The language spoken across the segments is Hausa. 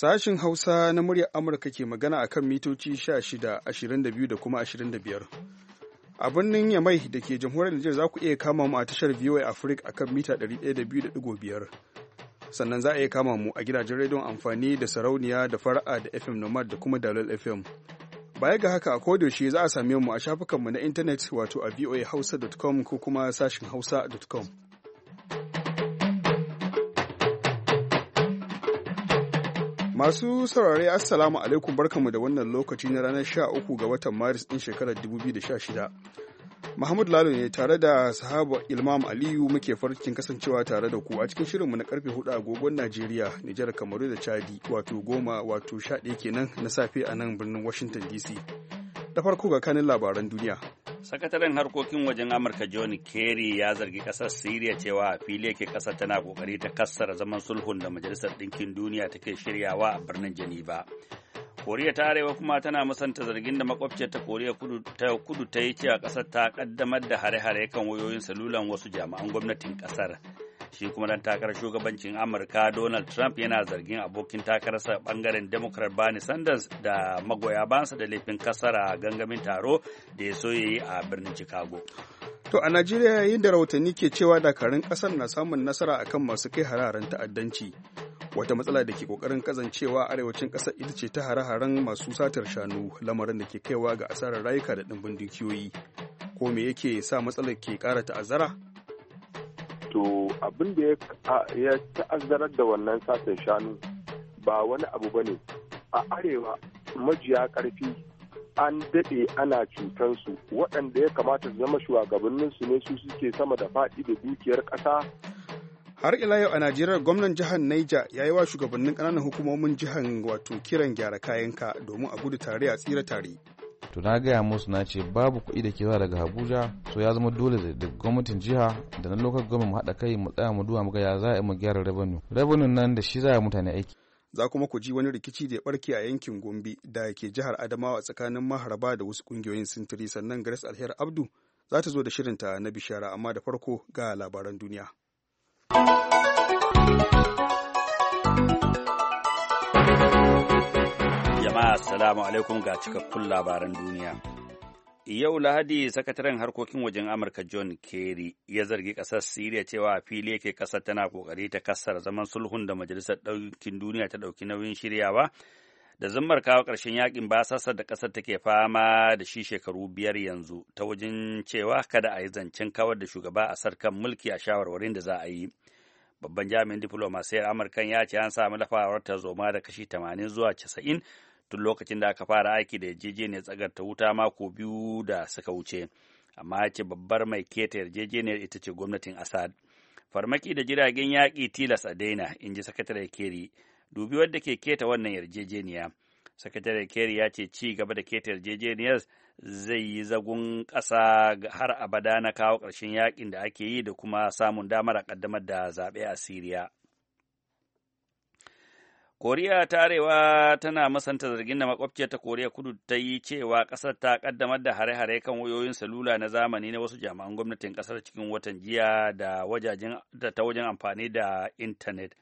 Sashin Hausa na muryar Amurka ke magana a kan mitoci 16, 22 da kuma 25. A birnin Yamai da ke jamhuriyar Nijar za ku iya kama mu a tashar VOA Africa a kan mita 102.5. Sannan za a iya kama mu a gidajen rediyon amfani da sarauniya da fara'a da FM Nomad da kuma Dalol FM. Baya ga haka a kodayaushe za a same mu a shafukanmu na intanet wato a voahausa.com ko kuma sashin hausa.com. Masu saurare Assalamu alaikum barkanmu da wannan lokaci na ranar 13 ga watan Maris ɗin shekarar 2016. Mahmud Lalo ne tare da sahaba Ilmam Aliyu muke farkin kasancewa tare da ku a cikin shirinmu na karfe 4 agogon Najeriya, Nijar, Kamaru da Chadi wato goma wato sha kenan na safe a nan birnin Washington DC. Da farko ga kanin labaran duniya. sakataren harkokin wajen amurka john kerry ya zargi kasar syria cewa a fili yake kasar tana kokari ta kassara zaman sulhun da majalisar ɗinkin duniya take shiryawa a birnin geneva koriya ta arewa kuma tana musanta zargin da makwabciyar ta koriya kudu ta yi cewa kasar ta kaddamar da hare-hare kan wayoyin salulan wasu jami'an gwamnatin kasar shi kuma dan takarar shugabancin amurka donald trump yana zargin abokin takararsa bangaren democrat bernie sanders da magoya bansa da laifin kasara gangamin taro da ya so yi a birnin chicago to a najeriya yayin da rahotanni ke cewa dakarun kasar na samun nasara akan masu kai hararen ta'addanci wata matsala da ke kokarin kazancewa arewacin kasar ita ce ta hare-haren masu satar shanu lamarin da ke kaiwa ga asarar rayuka da dimbin dukiyoyi ko me yake sa matsalar ke kara ta'azzara to abin da ya ta'azzarar da wannan satan shanu ba wani abu ba ne a arewa majiya karfi an daɗe ana su, waɗanda ya kamata su zama shugabanninsu ne su suke sama da faɗi da dukiyar ƙasa har ila yau a najeriya gwamnan jihar niger ya yi wa shugabannin ƙananan hukumomin jihar wato kiran gyara kayanka domin a gudu tare a tsira tare to na gaya musu na ce babu kuɗi da ke za daga abuja so ya zama dole da gwamnatin jiha da na lokal gwamnati mu haɗa kai mu tsaya mu duwa mu ga ya za mu gyara revenue revenue nan da shi za mutane aiki za kuma ku ji wani rikici da ya barke a yankin gombe da ke jihar adamawa tsakanin maharaba da wasu kungiyoyin sintiri sannan grace alher abdu za ta zo da shirinta na bishara amma da farko ga labaran duniya. Assalamu alaikum ga cikakkun labaran duniya. Yau Lahadi, sakataren harkokin wajen Amurka John Kerry ya zargi ƙasar Siriya cewa fili yake ƙasar tana ƙoƙari ta kasar zaman sulhun da Majalisar Ɗaukin Duniya ta ɗauki nauyin shiryawa da zammar kawo ƙarshen yakin sassa da ƙasar take fama da shi shekaru biyar yanzu ta wajen cewa kada a yi zancen kawar da shugaba a sarkan mulki a shawarwarin da za a yi. babban jami'in diflomasiyar amurkan ya ce an samu lafawar ta zoma da kashi tamanin zuwa casa'in? tun lokacin da aka fara aiki da yarjejeniyar tsagarta wuta mako biyu da suka wuce amma ya ce babbar mai keta yarjejeniyar ita ce gwamnatin assad farmaki da jiragen yaƙi tilas a daina in ji sakatare keri dubi wadda ke keta wannan yarjejeniya sakatare keri ya ce ci gaba da keta yarjejeniyar zai yi zagun ƙasa har abada na kawo ƙarshen yaƙin da ake yi da kuma samun damar a ƙaddamar da zaɓe a siriya Koriya ta Arewa tana masanta zargin da makwabciyar ta Koriya Kudu ta yi cewa ƙasar ta ƙaddamar da hare-hare kan wayoyin salula na zamani na wasu jami'an gwamnatin ƙasar cikin watan jiya da wajajen da ta wajen amfani da intanet.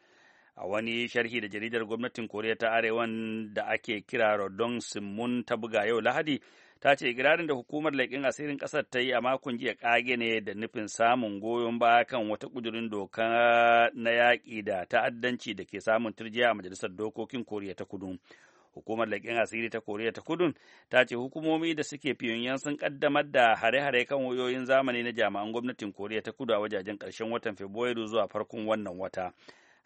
A wani sharhi da jaridar gwamnatin Koriya ta Arewan da ake kira Rodon Simun ta buga yau Lahadi, ta ce igirarin da hukumar laƙin asirin ƙasar ta yi a makon jiya ƙage ne da nufin samun goyon baya kan wata ƙudurin doka na yaƙi da ta'addanci da ke samun turjiya a majalisar dokokin koriya ta kudu hukumar laƙin asiri ta koriya ta kudu ta ce hukumomi da suke fiyoyin sun kaddamar da hare-hare kan wayoyin zamani na jami'an gwamnatin koriya ta kudu a wajajen karshen watan fabrairu zuwa farkon wannan wata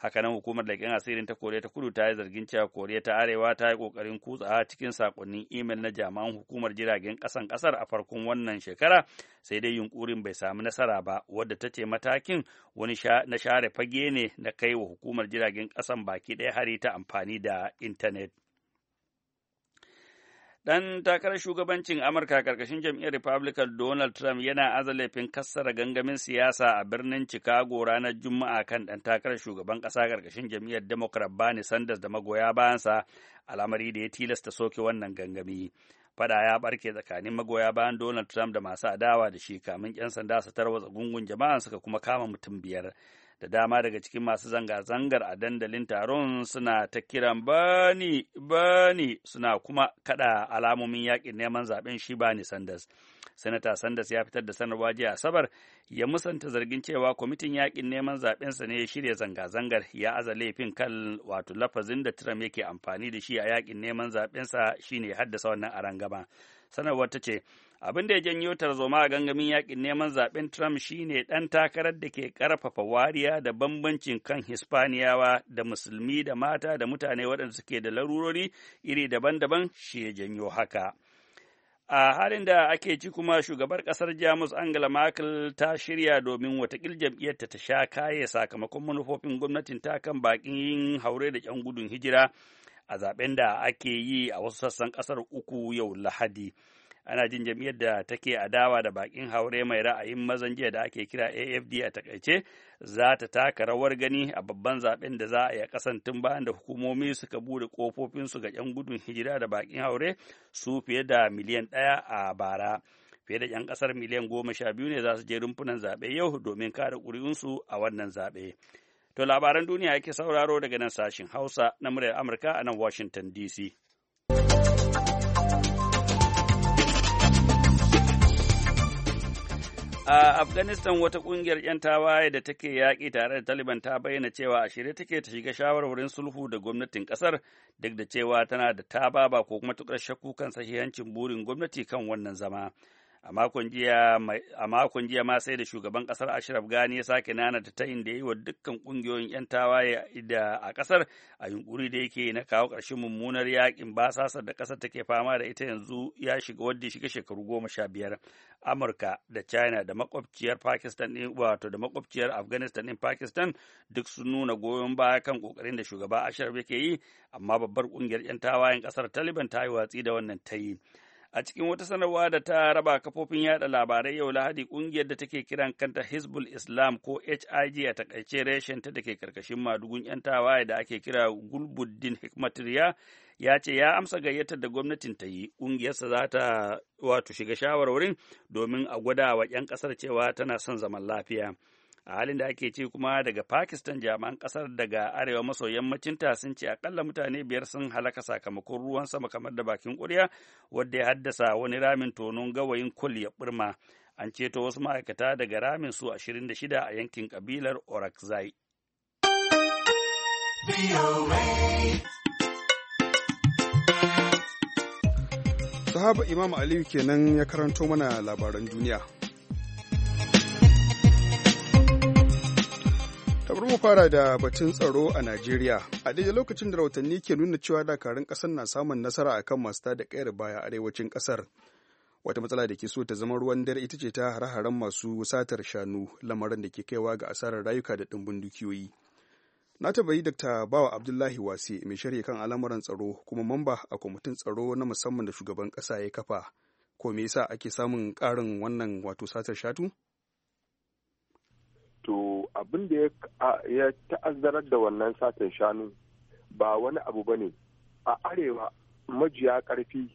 haka hakanan hukumar leƙen asirin ta koriya ta kudu ta yi zargin cewa koriya ta arewa ta yi ƙoƙarin a cikin sakonnin imel na jami'an hukumar jiragen kasan ƙasar a farkon wannan shekara sai dai yunkurin bai samu nasara ba wadda ta ce matakin wani na share fage ne na kai wa hukumar jiragen kasan baki ɗaya hari ta amfani da intanet. Dan takarar shugabancin Amurka karkashin jam'iyyar Republican Donald Trump yana aza laifin kassara gangamin siyasa a birnin Chicago ranar Juma'a kan ɗan takarar shugaban ƙasa karkashin jam'iyyar Democrat Bernie Sanders da magoya bayansa al'amari da ya tilasta soke wannan gangami. fada ya barke tsakanin magoya bayan Donald Trump da masu adawa da shi kamin 'yan sanda su tarwatsa gungun jama'a suka kuma kama mutum biyar. da dama daga cikin masu zanga-zangar a dandalin taron suna ta kiran bani bani suna kuma kada alamomin yakin neman zaben shi bani sanders sanata sanders ya fitar da sanarwa jiya asabar ya musanta zargin cewa kwamitin yakin neman zaɓensa ne ya shirya zanga-zangar ya aza laifin kan wato lafazin da trump yake amfani da shi a yakin neman zaɓensa shine haddasa wannan arangama sanarwar ta ce abin da ya janyo tarzoma a gangamin yakin neman zaben Trump shine ɗan takarar da ke karfafa wariya da bambancin kan Hispaniyawa da musulmi da mata da mutane waɗanda suke da larurori iri daban-daban shi ya janyo haka. A halin da ake ci kuma shugabar kasar Jamus Angela Merkel ta shirya domin watakil jam'iyyarta ta sha kaye sakamakon manufofin gwamnatin ta kan yin haure da 'yan gudun hijira a zaben da ake yi a wasu sassan kasar uku yau Lahadi. ana jin jam'iyyar da take adawa da bakin haure mai ra'ayin mazan jiya da ake kira afd a takaice za ta taka rawar gani a babban zaben da za a yi a kasan tun bayan da hukumomi suka bude kofofinsu ga 'yan gudun hijira da bakin haure su fiye da miliyan ɗaya a bara fiye da 'yan kasar miliyan goma sha biyu ne za su je rumfunan zaɓe yau domin kare ƙuri'unsu a wannan zaɓe. To labaran duniya yake sauraro daga nan sashin Hausa na muryar Amurka a nan Washington DC. A Afghanistan wata ƙungiyar 'yan tawaye da take yaƙi tare da Taliban ta bayyana cewa a shirye take ta shiga shawarwarin sulhu da gwamnatin ƙasar duk da cewa tana da tababa ko kuma tukar shakku kan sahihancin burin gwamnati kan wannan zama. a makon jiya ma sai da shugaban kasar ashraf gani ya sake nanata ta inda yi wa dukkan kungiyoyin 'yan tawaye da a kasar a yunkuri da yake na kawo ƙarshen mummunar yakin basasar da kasar take fama da ita yanzu ya shiga wadda shiga shekaru goma sha biyar amurka da china da makwabciyar pakistan din wato da makwabciyar afghanistan din pakistan duk sun nuna goyon baya kan kokarin da shugaba ashraf yake yi amma babbar kungiyar 'yan tawayen kasar taliban ta yi watsi da wannan ta yi A cikin wata sanarwa da ta raba kafofin yada labarai yau Lahadi kungiyar da take kiran kanta Hizbul Islam ko HIG a takaice reshen ta da ke karkashin madugun 'yan tawaye da ake kira Gulbuddin Hikmatriya ya ce ya amsa gayyatar da gwamnatin ta yi ƙungiyarsa za ta wato shiga shawarwarin domin a gwada wa 'yan ƙasar cewa tana son zaman lafiya. a halin da ake ce kuma daga pakistan jami'an kasar daga arewa maso yammacin sun ce akalla mutane biyar sun halaka sakamakon ruwan sama kamar da bakin ƙuriya wadda ya haddasa wani ramin tonon gawayin kul ya burma an ceto wasu ma'aikata daga ramin su 26 a yankin kabilar orakzai sahaba imam aliyu kenan ya karanto mana labaran duniya kamar mu fara da batun tsaro a Najeriya. A daidai lokacin da rahotanni ke nuna cewa dakarun kasar na samun nasara akan masu tada kayar baya arewacin kasar Wata matsala da ke so ta zama ruwan dare ita ce ta hare-haren masu satar shanu lamarin da ke kaiwa ga asarar rayuka da ɗumbin dukiyoyi. Na tabbayi Dr. Bawa Abdullahi Wase mai shirya kan al'amuran tsaro kuma mamba a kwamitin tsaro na musamman da shugaban kasa ya kafa. Ko me yasa ake samun karin wannan wato satar shatu? to abin da ya ta'azzarar da wannan satin shanu ba wani abu ba ne a arewa majiya ƙarfi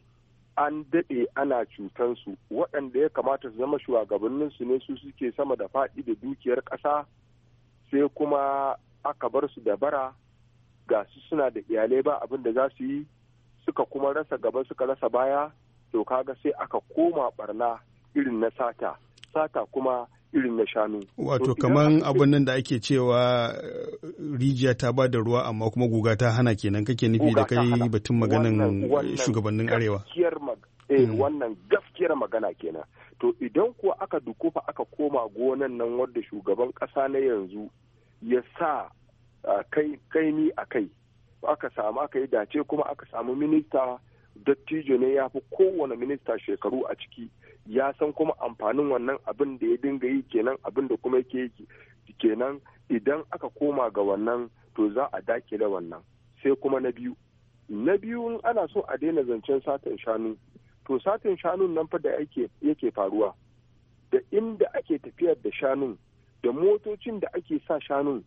an daɗe ana cutansu waɗanda ya kamata su zama shugabanninsu ne su suke sama da faɗi da dukiyar ƙasa sai kuma aka bar su da bara ga su suna da iyalai ba abin da za su yi suka kuma rasa gaba suka rasa baya to kaga sai aka koma barna irin na sata sata kuma irin na shanu. Wato kaman abin nan da ake cewa eh, rijiya ta ba da ruwa amma kuma guga ta hana kenan kake nufi da kai batun maganin shugabannin arewa. Eh, hmm. wannan gaskiyar magana kenan. To idan kuwa aka dukufa aka koma gonan nan wadda shugaban ƙasa na yanzu ya sa eh, kai ni a kai aka samu aka yi dace kuma aka samu minista dattijo ne ya fi kowane minista shekaru a ciki ya san kuma amfanin wannan abin da ya dinga yi kenan abin da kuma yake yi kenan idan aka koma ga wannan to za a dakile wannan sai kuma na biyu na biyu ana so a daina zancen satin shanu to satin shanun nan fa da yake faruwa da inda ake tafiyar da shanun da motocin da ake sa shanun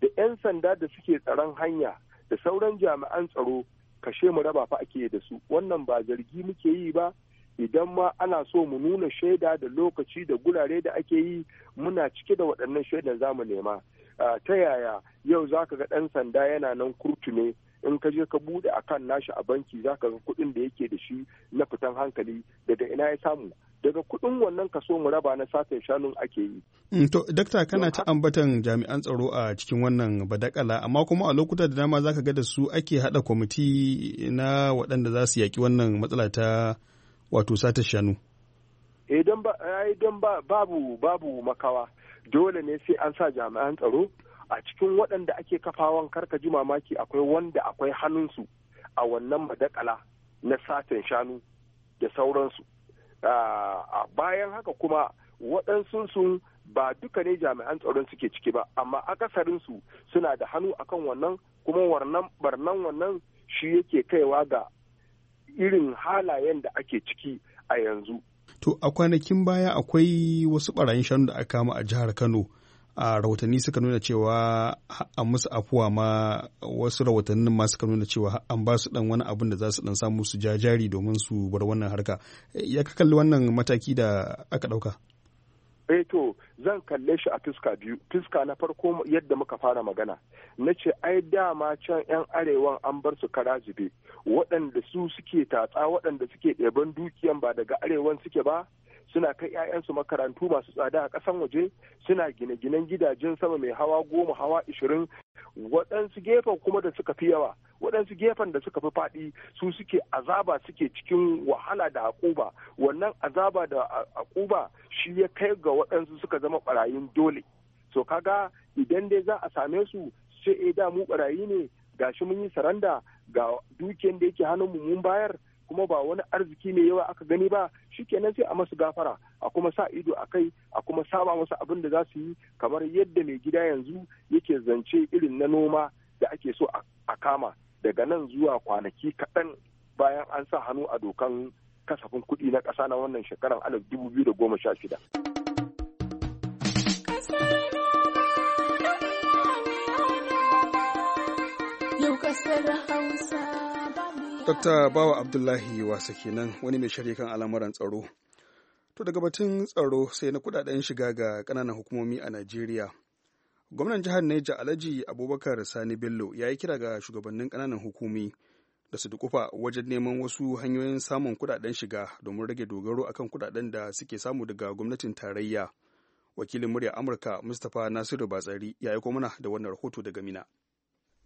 da 'yan sanda da suke tsaron hanya da sauran jami'an tsaro kashe mu raba fa ake da su wannan ba zargi muke yi ba idan ma ana so mu nuna shaida da lokaci da gurare da ake yi muna cike da waɗannan shaidan za mu nema ah, ta yaya yau za ka ga ɗan sanda yana nan kurtu ne. in ka je ka bude akan nashi a banki za ka ga kuɗin da yake da shi na fitan hankali daga ina ya samu daga kuɗin wannan kaso mu raba na sata shanun ake yi. Mm, to dakta kana ta ambatan jami'an tsaro a cikin wannan badakala amma kuma a lokuta da dama zaka ga da su ake hada kwamiti na waɗanda za su yaƙi wannan matsala ta wato satin shanu. eh don babu babu makawa dole ne sai an sa jami'an tsaro a cikin waɗanda ake kafawan karka ji mamaki akwai wanda akwai hannunsu a wannan madakala na satin shanu da sauransu ah, a bayan haka kuma waɗansunsu ba duka ne jami'an tsaron suke ciki ba amma akasarinsu suna da hannu akan wannan kuma barnan wannan shi yake kaiwa ga irin halayen da ake ciki a yanzu to a kwanakin baya akwai wasu barayin shanu da aka kama a jihar kano a rahotanni suka nuna cewa an musu afuwa ma wasu rahotannin ma suka nuna cewa an ba su dan wani abin da za su dan samu su ja jari domin su bar wannan harka ya ka kalli wannan mataki da aka dauka eh to zan kalle shi a fuska biyu fuska na farko yadda muka fara magana na ce ai dama can 'yan arewan an bar su kara zube waɗanda su suke tatsa waɗanda suke ɗeban dukiyan ba daga arewan suke ba suna kai 'ya'yansu makarantu masu tsada a ƙasan waje suna gine-ginen gidajen sama mai hawa goma hawa ishirin waɗansu gefen kuma da suka fi yawa waɗansu gefen da suka fi faɗi su suke azaba suke cikin wahala da haƙuba wannan azaba da haƙuba shi ya kai ga waɗansu suka zama ɓarayin dole so kaga idan dai za a same su sai eh, da mu ɓarayi ne gashi mun yi saranda ga dukiyan da yake hannun mu mun bayar kuma ba wani arziki mai yawa aka gani ba shikenan sai a masu gafara a kuma sa ido a kai a kuma saba masu abin da za su yi kamar yadda mai gida yanzu yake zance irin na noma da ake so a kama daga nan zuwa kwanaki kaɗan bayan an sa hannu a dokan kasafin kuɗi na ƙasa na wannan shekarar alif dubu biyu da goma sha shida. Yau Dr. Bawa Abdullahi wasa kenan wani mai shirya kan al'amuran tsaro. To daga batun tsaro sai na kudaden shiga ga kananan hukumomi a Najeriya. Gwamnan jihar Neja Alhaji Abubakar Sani Bello ya yi kira ga shugabannin kananan hukumi da su dukufa wajen neman wasu hanyoyin samun kudaden shiga domin rage dogaro akan kudaden da suke samu daga gwamnatin tarayya. Wakilin murya Amurka Mustapha Nasiru Batsari ya aiko mana da wannan rahoto daga Mina.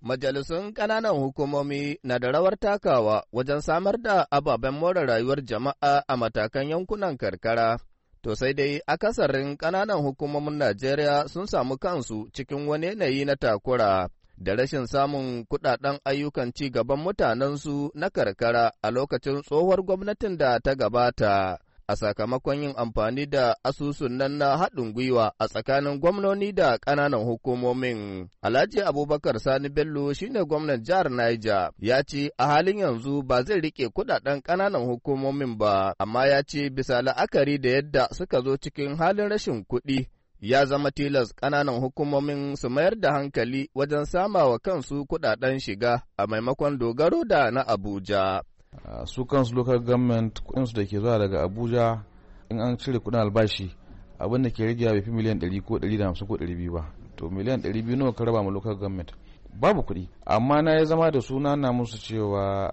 Majalisun ƙananan hukumomi na da rawar takawa wajen samar da ababen more rayuwar jama'a a matakan yankunan karkara. To sai dai akasarin ƙananan hukumomin Najeriya sun samu kansu cikin wani yanayi na takura da rashin samun kudaden ayyukan ci gaban mutanensu na karkara a lokacin tsohuwar gwamnatin da ta gabata. a sakamakon yin amfani da asusun nan na haɗin gwiwa a tsakanin gwamnoni da ƙananan hukumomin. Alhaji Abubakar Sani Bello shine gwamnan jihar Niger ya ce a halin yanzu ba zai rike kuɗaɗen ƙananan hukumomin ba, amma ya ce bisa la'akari da yadda suka zo cikin halin rashin kuɗi ya zama tilas ƙananan hukumomin su mayar da hankali wajen samawa kansu kuɗaɗen shiga a maimakon dogaro da na Abuja. Uh, su kansu local government kudinsu da ke zuwa daga abuja in an cire kudin albashi abin da ke rage bai fi miliyan 100 ko 150 ko 200 ba to miliyan 200 nawa ka raba ma local government babu kuɗi amma na ya zama da suna na musu cewa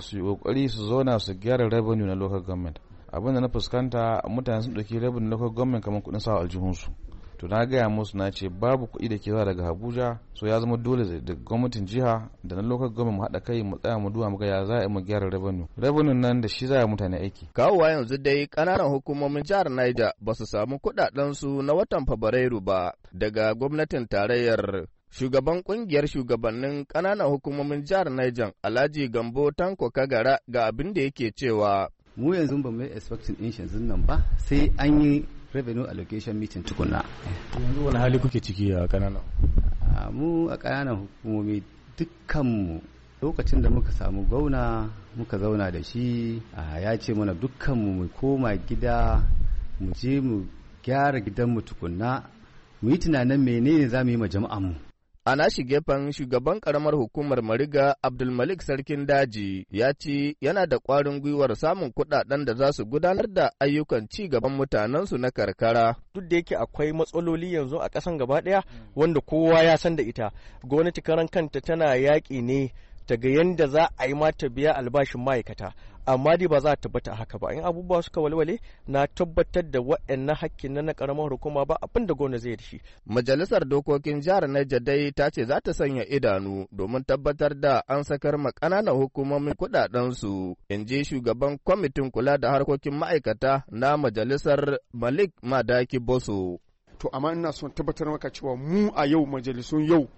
su yi kokari su zauna su gyara revenue na local government abin da na fuskanta mutane sun ɗauki revenue local government kamar kudin sawa aljihunsu to na gaya musu na ce babu kuɗi da ke zuwa daga abuja so ya zama dole da gwamnatin jiha da na lokacin gwamnati mu haɗa kai mu tsaya mu duwa mu ga ya za a mu gyara revenue revenue nan da shi za a mutane aiki kawowa yanzu dai ƙananan hukumomin jihar niger ba su samu kuɗaɗen su na watan fabrairu ba daga gwamnatin tarayyar shugaban kungiyar shugabannin ƙananan hukumomin jihar Niger Alhaji Gambo Tanko Kagara ga abin da yake cewa mu yanzu ba mu yi expecting din yanzu ba sai an yi revenue allocation meeting tukuna yanzu wani hali kuke ciki a kananan mu a kananan hukumomi dukkanmu lokacin da muka samu gauna muka zauna da shi ya ce mana dukkanmu mu koma gida mu je mu gyara gidanmu tukunna mu yi tunanin menene za mu yi ma jama'anmu A nashi gefen shugaban karamar hukumar Mariga Abdulmalik Sarkin Daji ya ce yana da ƙwarin gwiwar samun kuɗaɗen da za su gudanar da ayyukan ci gaban mutanensu na karkara. Duk da yake akwai matsaloli yanzu a ƙasan gaba ɗaya wanda kowa ya san da ita. Gwamnati karan kanta tana yaƙi ne Daga yadda za a yi mata biya albashin ma'aikata amma dai ba za a tabbata haka ba in abubuwa suka walwale na tabbatar da waɗannan hakkin na karamar hukuma ba abin da gona zai dashi shi. Majalisar dokokin jihar Niger dai ta ce za ta sanya idanu domin tabbatar da an sakar ma ƙananan hukumomin su in ji shugaban kwamitin kula da harkokin ma'aikata na majalisar Malik Madaki Boso. To amma ina son tabbatar maka cewa mu a yau majalisun yau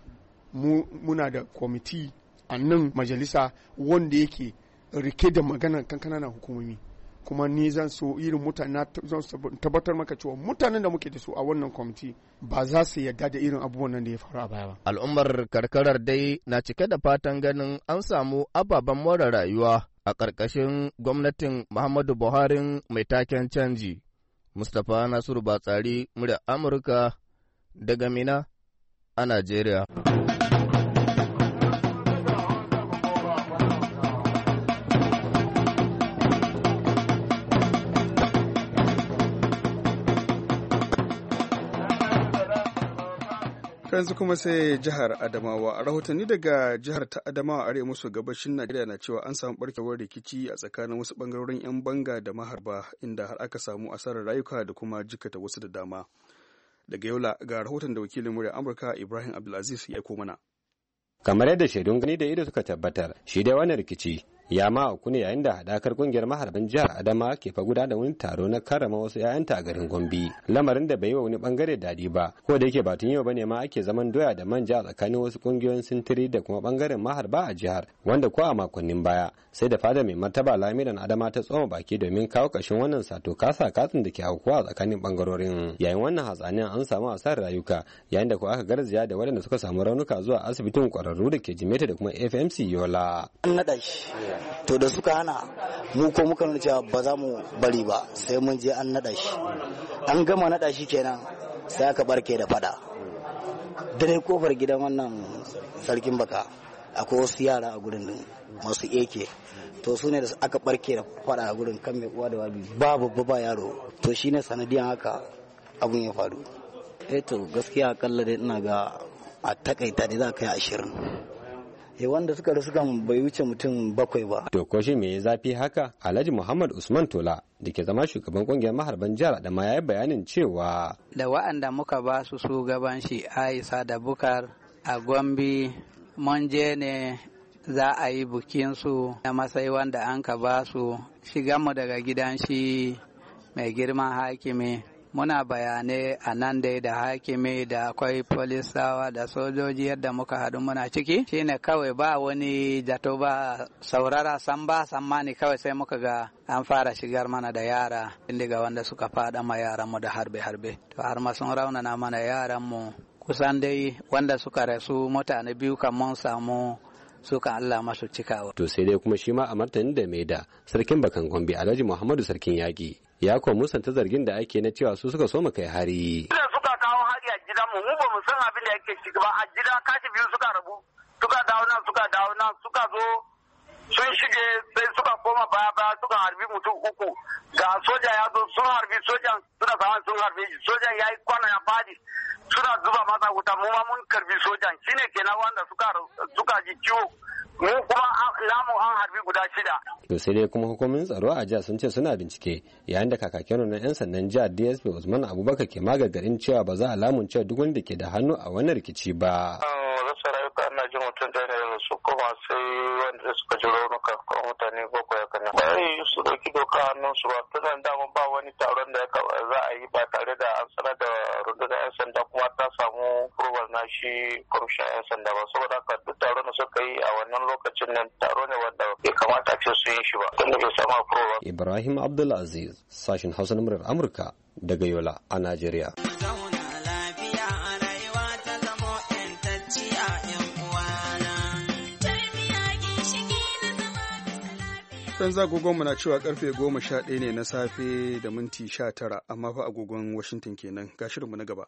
mu muna da kwamiti a nan majalisa wanda yake rike da maganar kankana na hukumomi kuma ni zan so irin mutane zan tabbatar maka cewa mutanen da muke da su a wannan kwamiti ba za su yarda da irin abubuwan nan da ya faru a baya ba. Al'ummar karkarar dai na cike da fatan ganin an samu ababen more rayuwa a ƙarƙashin gwamnatin Muhammadu Buhari mai taken canji. Mustapha Nasiru Batsari, murya Amurka daga Mina a Najeriya. yanzu kuma sai jihar Adamawa. rahotanni daga jihar ta Adamawa arewa maso gabashin Najeriya na cewa an samu barkewar rikici a tsakanin wasu bangarorin 'yan banga da maharba inda har aka samu asarar rayuka da kuma jikata wasu da dama. Daga Yola ga rahoton da wakilin murya Amurka Ibrahim Abdulaziz ya mana. Kamar yadda shaidun gani da ido suka tabbatar, shi dai wani rikici ya ma auku ne yayin da hadakar kungiyar maharban jihar adama ke faguda da wani taro na karrama wasu 'ya'yanta a garin gombe lamarin da bai yi wa wani bangare dadi ba ko da yake batun yau ne ma ake zaman doya da manja a tsakanin wasu kungiyoyin sintiri da kuma bangaren maharba a jihar wanda ko a makonnin baya sai da fada mai martaba lamiran adama ta tsoma baki domin kawo kashin wannan sato kasa katsin da ke aukuwa a tsakanin bangarorin yayin wannan hatsanin an samu sa rayuka yayin da ko aka garzaya da waɗanda suka samu raunuka zuwa asibitin kwararru da ke jimeta da kuma fmc yola to da suka hana mu ko muka nuna cewa ba za mu bari ba sai mun je an naɗa shi an gama naɗa shi kenan sai aka barke da fada dare kofar gidan wannan sarkin baka akwai wasu yara a gurin masu eke to su ne da aka barke da fada a gurin kan mai uwa da wabi Babu ba yaro to shi ne sanadiyan haka abun ya faru eto eh to gaskiya akalla dai ina ga a takaita da za ka yi ashirin E wanda suka rasu kan bai wuce mutum bakwai ba to ko shi me zafi haka Alhaji Muhammad Usman Tola da ke zama shugaban kungiyar maharban jihar da ma yayi bayanin cewa da wa'anda muka ba su su gaban shi Aisha da Bukar a Gombe mun je ne za a yi su na matsayi wanda an ka ba su shiganmu daga gidan shi mai girman hakimi muna bayanai a nan dai da hakimi da akwai polisawa da sojoji yadda muka hadu muna ciki shine kawai ba wani jato ba saurara san ba sammani kawai sai muka ga an fara shigar mana da yara indiga wanda suka faɗa ma yaranmu da harbe-harbe to har ma sun raunana mana yaranmu kusan dai wanda suka rasu mutane biyu kan mun samu suka Allah masu cikawa. To sai dai kuma shi ma a martanin da mai da sarkin bakan gombe Alhaji Muhammadu sarkin yaƙi ya kuwa musanta zargin da ake na cewa su suka so mu kai hari. Idan suka kawo hari a gidan mu ba mu san abin da yake ciki ba a gida kashi biyu suka rabu suka dawo nan suka dawo nan suka zo sun shige sai suka koma baya baya suka harbi mutum uku ga soja ya zo sun harbi sojan suna sama sun harbi sojan ya yi kwana ya fadi suna zuba masa wuta mu ma mun karbi sojan shine kenan wanda suka suka ji ciwo mu kuma lamu an harbi guda shida. To sai dai kuma hukumomin tsaro a jihar sun ce suna bincike yayin da kakakin na 'yan sandan jihar DSP Usman Abubakar ke magagarin cewa ba za a cewa duk wanda ke da hannu a wannan rikici ba. Ah, sauransu ba tun ba wani taron da za a yi ba tare da an sanar da rundunar 'yan sanda kuma ta samu kurwar na shi kwamishin 'yan sanda ba saboda haka duk taron da suka yi a wannan lokacin nan taro ne wanda bai kamata ce sun yi shi ba tun da bai samu kurwar. Ibrahim Abdulaziz sashen Hausa na Amurka daga Yola a Najeriya. za mu na cewa karfe goma sha ɗaya ne na safe da minti sha tara amma fa agogon washington kenan ga shirinmu na gaba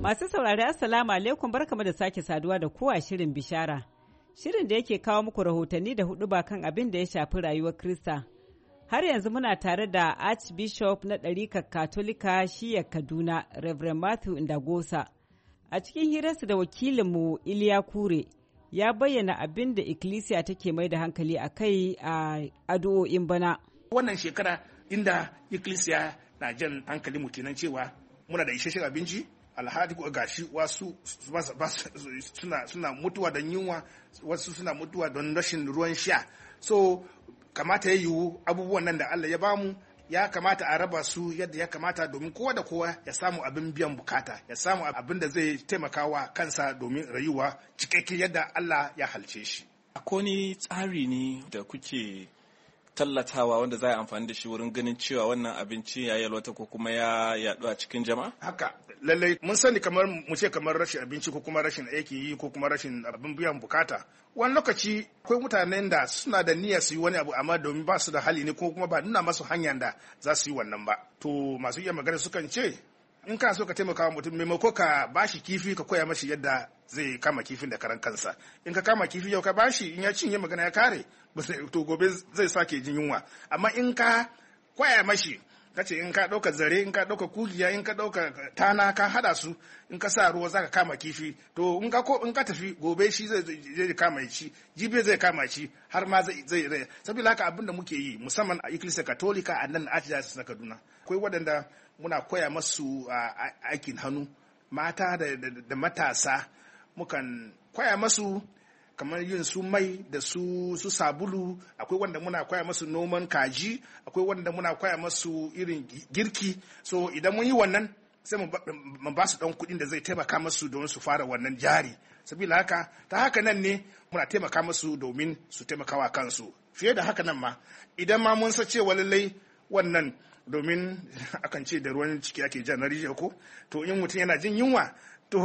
Masu saurari Assalamu alaikum barkamu da sake saduwa da kowa shirin bishara. Shirin da yake kawo muku rahotanni da hudu ba kan abin da ya shafi rayuwar Krista. Har yanzu muna tare da Archbishop na ɗarikar Katolika shiya Kaduna, Reverend Matthew Ndagosa. A cikin hirarsa da wakilinmu Iliya Kure, ya bayyana abin da ikkilisiya take mai da hankali a kai a addu'o'in bana. Wannan shekara inda ikkilisiya na jan hankali mu cewa muna da isasshen abinci, alhaji ko gashi wasu suna mutuwa don yunwa wasu suna mutuwa don rashin ruwan sha so kamata ya yiwu abubuwan nan da Allah ya bamu ya kamata a raba su yadda ya kamata domin kowa da kowa ya samu abin biyan bukata ya samu abin da zai taimakawa kansa domin rayuwa cikakken yadda Allah ya halce shi. Akwai tsari ne da kuke tallatawa wanda za a amfani da shi wurin ganin cewa wannan abinci ya yalwata ko kuma ya yadu a cikin jama'a? Haka, lallai mun sani kamar mu ce kamar rashin abinci ko kuma rashin aiki yi ko kuma rashin abin biyan bukata. Wani lokaci akwai mutanen da suna da niyyar su yi wani abu amma domin ba su da hali ne ko kuma ba nuna masu hanyar da za su yi wannan ba. To masu iya magana sukan ce in ka so ka taimaka wa mutum maimako ka bashi kifi ka koya mashi yadda zai kama kifin da karan kansa in ka kama kifi yau ka bashi in ya cinye magana ya kare to gobe zai sake jin yunwa amma in ka kwaya mashi ka ce in ka dauka zare in ka dauka kugiya in ka dauka tana ka hada su in ka sa ruwa zaka kama kifi to in ka ko in ka tafi gobe shi zai zai kama shi jibe zai kama shi har ma zai zai saboda haka abin da muke yi musamman a ikilisa katolika a nan archdiocese na kaduna akwai wadanda muna koya masu aikin hannu mata da matasa mukan kwaya masu kamar yin su mai da su sabulu akwai wanda muna kwaya masu noman kaji akwai wanda muna kwaya masu irin girki so idan mun yi wannan sai mu ba su dan kuɗin da zai taimaka masu don su fara wannan jari sabila haka ta haka nan ne muna taimaka masu domin su taimaka wa kansu fiye da haka nan ma idan ma mun sace cewa lallai wannan domin akan ce da ruwan ciki ake jan na rijiya ko to in mutum yana jin yunwa to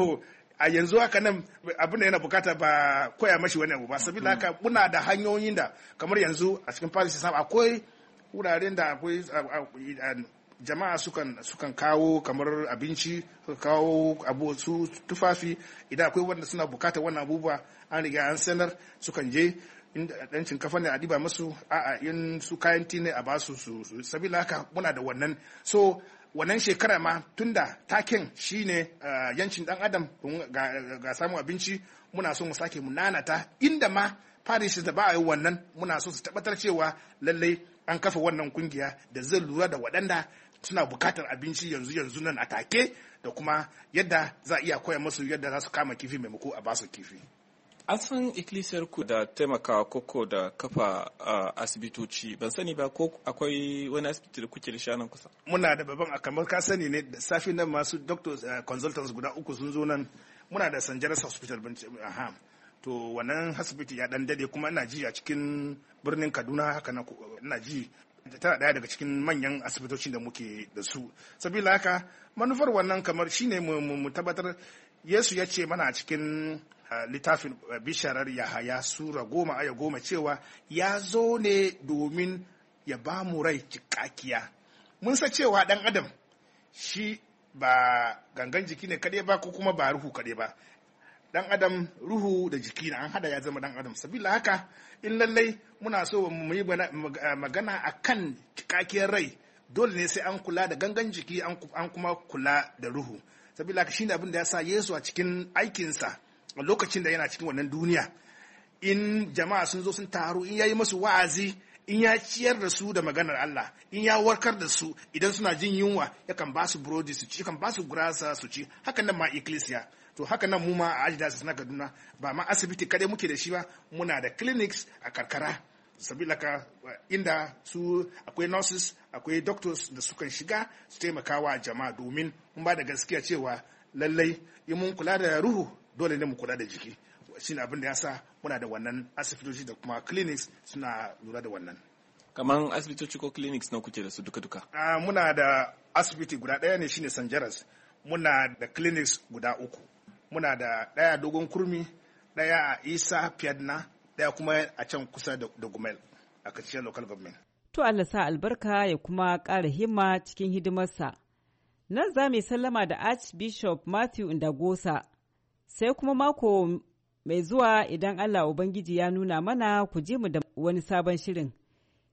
a yanzu haka nan abin da yana bukata ba koya mashi wani abu ba saboda haka muna da hanyoyin da kamar yanzu a cikin policy sam akwai wuraren da akwai jama'a sukan sukan kawo kamar abinci suka kawo abu su tufafi idan akwai wanda suna bukata wannan abubuwa an riga an sanar sukan je dan kafa ne a diba masu a'a in su kayan ne a basu su sabila haka muna da wannan so wannan shekara ma tunda taken shine eh, yancin dan adam ga samun abinci muna so mu sake mu nanata inda ma parishes da ba a yi wannan muna so su tabbatar cewa lallai an kafa wannan kungiya da zai lura da waɗanda suna bukatar abinci yanzu yanzu nan a take da kuma yadda za a iya koya masu yadda za su kama kifi maimako a basu kifi. asan ikilisiyar ikkilisiyar ku da taimaka koko da kafa asibitoci ban sani ba ko akwai wani asibiti da kuke da shanan kusa muna da babban kamar ka sani ne da safi nan masu doctors consultants guda uku sun zo nan muna da jaras hospital aha to wannan asibiti ya dan dade kuma ina ji a cikin birnin kaduna haka na ina ji tana daya daga cikin manyan asibitocin da muke da su sabila haka manufar wannan kamar shine mu tabbatar yesu ya ce mana a cikin littafin bisharar yahaya sura goma aya goma cewa ya zo ne domin ya ba mu rai cikakkiya mun sa cewa ɗan adam shi ba gangan jiki ne kaɗai ba ko kuma ba ruhu kaɗai ba ɗan adam ruhu da jiki na an hada ya zama ɗan adam sabila haka in lallai muna so mu yi magana a kan cikakkiyar rai dole ne sai an kula da gangan jiki an kuma kula da ruhu sabila haka shine abin da ya sa yesu a cikin aikinsa lokacin da yana cikin wannan duniya in jama'a sun zo sun taru in ya yi masu wa'azi in ya ciyar da su da maganar Allah in ya warkar da su idan suna jin yunwa yakan ba su burodi su ci yakan ba su gurasa su ci hakan nan ma ikkilisiya to haka nan mu ma a ajidasis na Kaduna ba ma asibiti kadai muke da shi ba muna da clinics a karkara sabilaka inda su akwai nurses akwai doctors da sukan shiga su taimakawa jama'a domin mun ba da gaskiya cewa lallai in mun kula da ruhu dole ne mu kula da jiki shine abin da ya sa muna da wannan asibitoci da kuma clinics suna lura da wannan kaman asibitoci ko clinics na kuke da su duka-duka ah, muna da asibiti guda daya ne shine sanjaras muna da clinics guda uku muna da daya dogon kurmi daya a isa piadna daya kuma a can kusa da gumel a kaciyar local government to Allah sa albarka ya kuma kara himma cikin hidimarsa nan za mu sallama da archbishop matthew ndagosa sai kuma mako mai zuwa idan Allah Ubangiji ya nuna mana ku ji mu da wani sabon shirin.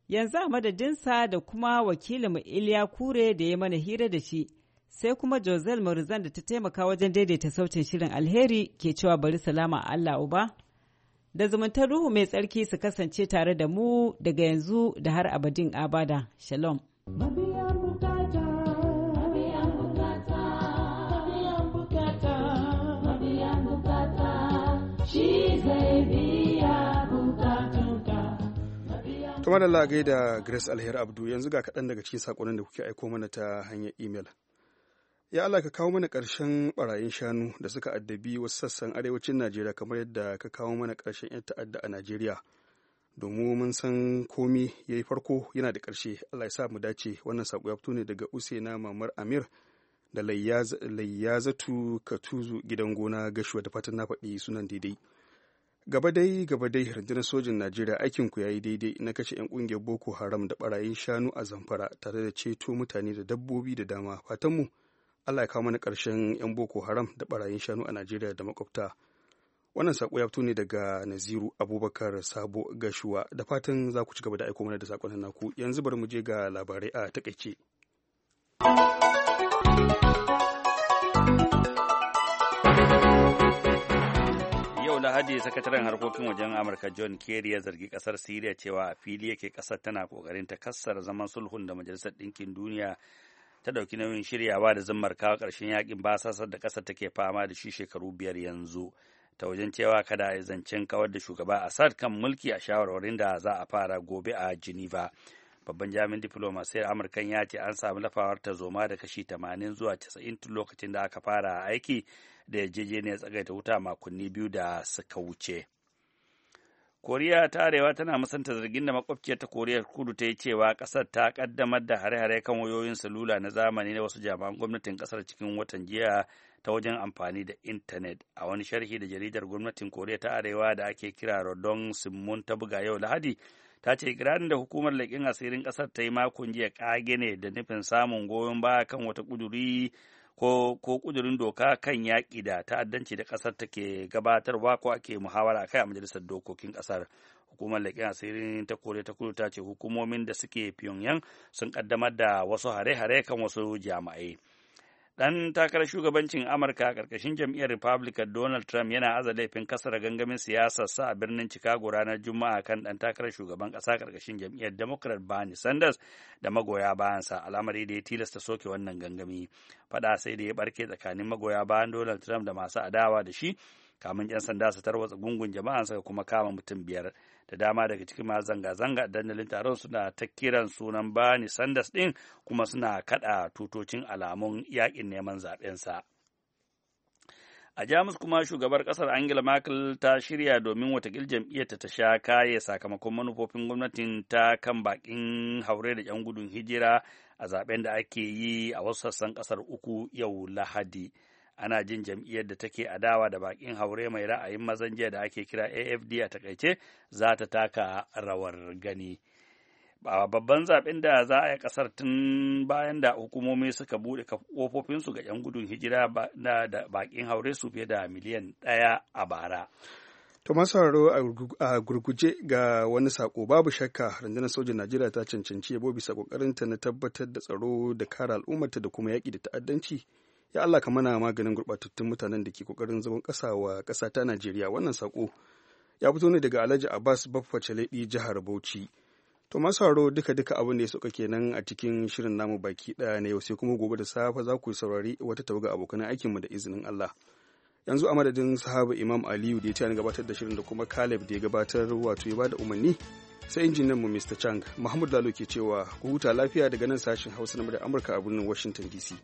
Yanzu a madadinsa da kuma wakilinmu Iliya Kure da ya mana hira da shi, sai kuma Josel Marizan da ta taimaka wajen daidaita sautin shirin alheri ke cewa bari salama a Allah Uba. Da zumuntar ruhu mai tsarki su kasance tare da mu daga yanzu da har abadin abada. Shalom. kamar da da Grace Alher Abdu yanzu ga kaɗan daga cikin saƙonin da kuke aiko mana ta hanyar imel. Ya Allah ka kawo mana ƙarshen ɓarayin shanu da suka addabi wasu sassan arewacin Najeriya kamar yadda ka kawo mana ƙarshen 'yan ta'adda a Najeriya. Domin mun san komi ya yi farko yana da ƙarshe Allah ya sa mu dace wannan saƙo ya fito ne daga Usaina Mamar Amir da Layyazatu Katuzu gidan gona gashuwa da fatan na faɗi sunan daidai. gaba dai gaba dai rundunar sojin najeriya aikin ku yayi daidai na kashe 'yan kungiyar boko haram da barayin shanu a zamfara tare da ceto mutane da dabbobi da dama fatanmu allah ya kawo mana karshen 'yan boko haram da barayin shanu a najeriya da makwabta wannan sako ya fito ne daga naziru abubakar sabo gashuwa da fatan za ku ci gaba da aiko mana da sakon naku yanzu bari mu je ga labarai a takaice. Lahadi sakataren harkokin wajen Amurka John Kerry ya zargi kasar syria cewa a fili yake kasar tana kokarin ta kassar zaman sulhun da Majalisar Ɗinkin Duniya ta ɗauki nauyin shiryawa da zammar kawo ƙarshen yakin basasar da ƙasar take fama da shi shekaru biyar yanzu ta wajen cewa kada a zancen kawar da shugaba Assad kan mulki a shawarwarin da za a fara gobe a Geneva. babban jami'in diplomasiyar amurkan ya ce an sami lafawar ta zoma da kashi tamanin zuwa 90 tun lokacin da aka fara aiki da yarjejeniyar tsagaita wuta makonni biyu da suka wuce koriya ta arewa tana musanta zargin da makwabciyar ta koriya kudu ta yi cewa kasar ta kaddamar da hare-hare kan wayoyin salula na zamani na wasu jami'an gwamnatin kasar cikin watan jiya ta wajen amfani da intanet a wani sharhi da jaridar gwamnatin koriya ta arewa da ake kira rodon simmun ta buga yau lahadi ta ce ikirarin da hukumar laƙin asirin ƙasar ta yi makon jiya ƙage ne da nufin samun goyon baya kan wata ƙuduri ko ƙudurin doka kan yaƙi da ta'addanci da ƙasar take gabatarwa ko ake muhawara kai a majalisar dokokin ƙasar hukumar laƙin asirin ta kore ta kudu ta ce hukumomin da suke pyongyang sun ƙaddamar da wasu hare-hare kan wasu jami'ai Ɗan takarar shugabancin Amurka a ƙarƙashin jam'iyyar Republican Donald Trump yana aza laifin kasar gangamin sa a birnin Chicago ranar Juma'a kan ɗan takarar shugaban ƙasa ƙarƙashin jam'iyyar Democrat Bernie Sanders da magoya bayansa al'amari da ya tilasta soke wannan gangami. Faɗa sai da ya ɓarke tsakanin magoya bayan Donald Trump da masu adawa da shi kamun 'yan sanda su tarwatsa gungun jama'a suka kuma kama mutum biyar da dama daga cikin ma zanga-zanga dandalin taron suna ta kiran sunan bani sanders din kuma suna kada tutocin alamun yakin neman zaɓensa. a jamus kuma shugabar kasar angela merkel ta shirya domin watakil jam'iyyarta ta sha kaye sakamakon manufofin gwamnatin ta kan bakin haure da 'yan gudun hijira a zaben da ake yi a wasu sassan kasar uku yau lahadi. ana jin jam'iyyar da take adawa da bakin haure mai ra'ayin mazan jiya da ake kira afd a takaice za ta taka rawar gani babban zaɓen da za a yi ƙasar tun bayan da hukumomi suka buɗe kofofinsu ga 'yan gudun hijira da bakin haure su fiye da miliyan ɗaya a bara To sauraro a gurguje ga wani sako babu shakka rundunar sojin Najeriya ta cancanci yabo bisa kokarinta na tabbatar da tsaro da kare al'ummata da kuma yaƙi da ta'addanci ya Allah ka mana maganin gurɓatattun mutanen da ke kokarin zaman ƙasa wa ƙasa ta Najeriya wannan sako ya fito ne daga Alhaji Abbas Baffa Chaledi jihar Bauchi to masu haro duka duka abin da ya soka kenan a cikin shirin namu baki ɗaya na yau sai kuma gobe da safe za ku saurari wata tawaga abokan aikinmu da izinin Allah yanzu a madadin sahaba imam aliyu da ya ci gabatar da shirin da kuma caleb da ya gabatar wato ya bada umarni sai injinan mu mr chang mahmud lalo ke cewa ku huta lafiya daga nan sashen hausa na amurka a birnin washington dc